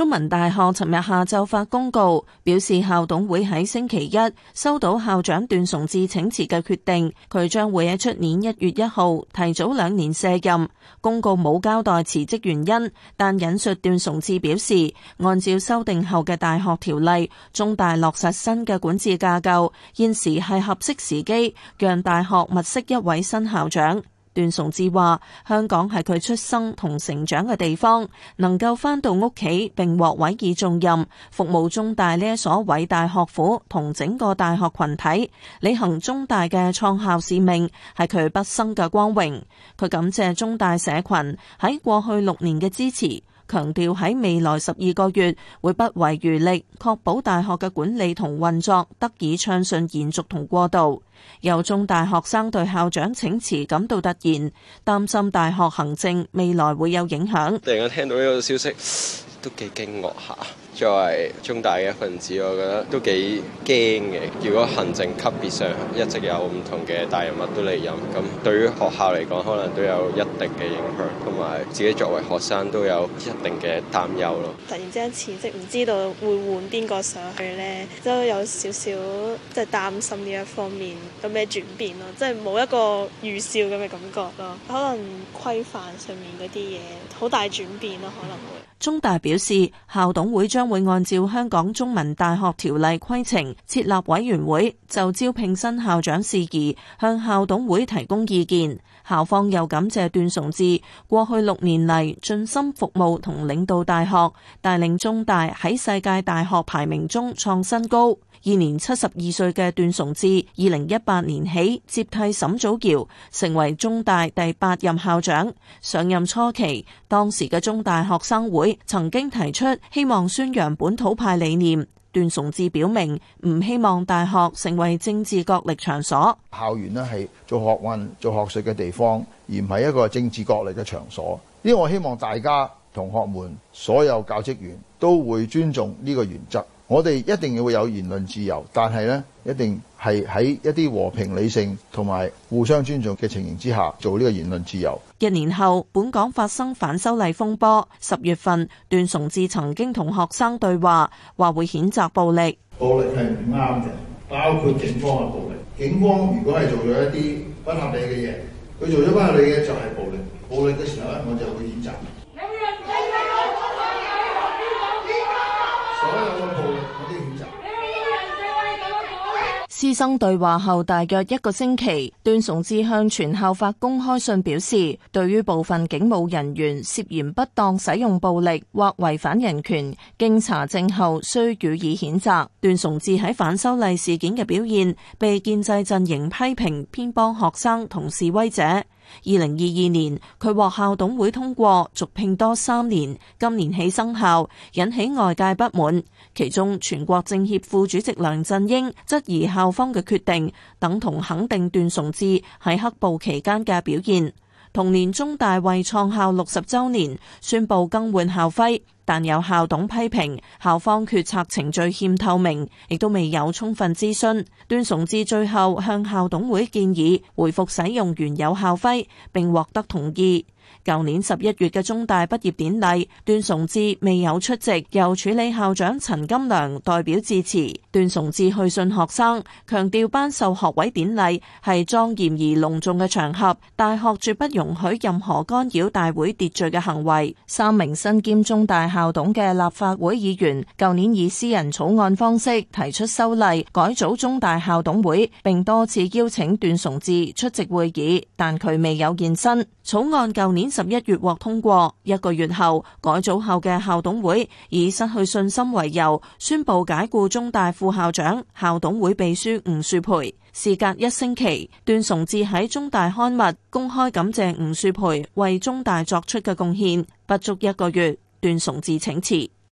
中文大學尋日下晝發公告，表示校董會喺星期一收到校長段崇智請辭嘅決定，佢將會喺出年一月一號提早兩年卸任。公告冇交代辭職原因，但引述段崇智表示，按照修訂後嘅大學條例，中大落實新嘅管治架構，現時係合適時機讓大學物色一位新校長。段崇智話：香港係佢出生同成長嘅地方，能夠翻到屋企並獲委以重任，服務中大呢一所偉大學府同整個大學群體，履行中大嘅創校使命，係佢畢生嘅光榮。佢感謝中大社群喺過去六年嘅支持。強調喺未來十二個月會不遺餘力，確保大學嘅管理同運作得以暢順、延續同過渡。有中大學生對校長請辭感到突然，擔心大學行政未來會有影響。突然聽到呢個消息。都幾驚愕下。作為中大嘅一份子，我覺得都幾驚嘅。如果行政級別上一直有唔同嘅大人物都嚟任，咁對於學校嚟講，可能都有一定嘅影響，同埋自己作為學生都有一定嘅擔憂咯。突然之間辭職，唔知道會換邊個上去呢？都有少少即係擔心呢一方面有咩轉變咯，即係冇一個預兆咁嘅感覺咯。可能規範上面嗰啲嘢好大轉變咯，可能會中大表示校董會將會按照香港中文大學條例規程，設立委員會，就招聘新校長事宜向校董會提供意見。校方又感謝段崇智過去六年嚟盡心服務同領導大學，帶領中大喺世界大學排名中創新高。二年七十二歲嘅段崇智，二零一八年起接替沈祖堯，成為中大第八任校長。上任初期，當時嘅中大學生會曾經提出希望宣揚本土派理念。段崇智表明唔希望大學成為政治角力場所。校園呢係做學運、做學術嘅地方，而唔係一個政治角力嘅場所。呢個我希望大家、同學們、所有教職員都會尊重呢個原則。我哋一定要有言論自由，但係呢，一定係喺一啲和平、理性同埋互相尊重嘅情形之下做呢個言論自由。一年後，本港發生反修例風波。十月份，段崇智曾經同學生對話，話會譴責暴力。暴力係唔啱嘅，包括警方嘅暴力。警方如果係做咗一啲不合理嘅嘢，佢做咗不合理嘅就係暴力。師生對話後大約一個星期，段崇智向全校發公開信表示，對於部分警務人員涉嫌不當使用暴力或違反人權，經查證後需予以譴責。段崇智喺反修例事件嘅表現，被建制陣營批評偏幫學生同示威者。二零二二年，佢獲校董會通過續聘多三年，今年起生效，引起外界不滿。其中，全國政協副主席梁振英質疑校方嘅決定等同肯定段崇智喺黑暴期間嘅表現。同年中大為創校六十周年宣布更換校徽。但有校董批評校方決策程序欠透明，亦都未有充分諮詢，段崇智最後向校董會建議回復使用原有校徽，並獲得同意。舊年十一月嘅中大畢業典禮段崇智未有出席，由助理校長陳金良代表致辭。段崇智去信學生，強調頒授學位典禮係莊嚴而隆重嘅場合，大學絕不容許任何干擾大會秩序嘅行為，三名新兼中大。校董嘅立法會議員，舊年以私人草案方式提出修例改組中大校董會，並多次邀請段崇智出席會議，但佢未有現身。草案舊年十一月獲通過，一個月後改組後嘅校董會以失去信心為由宣布解雇中大副校長、校董會秘書吳樹培。事隔一星期，段崇智喺中大刊物公開感謝吳樹培為中大作出嘅貢獻。不足一個月。段崇智請辭。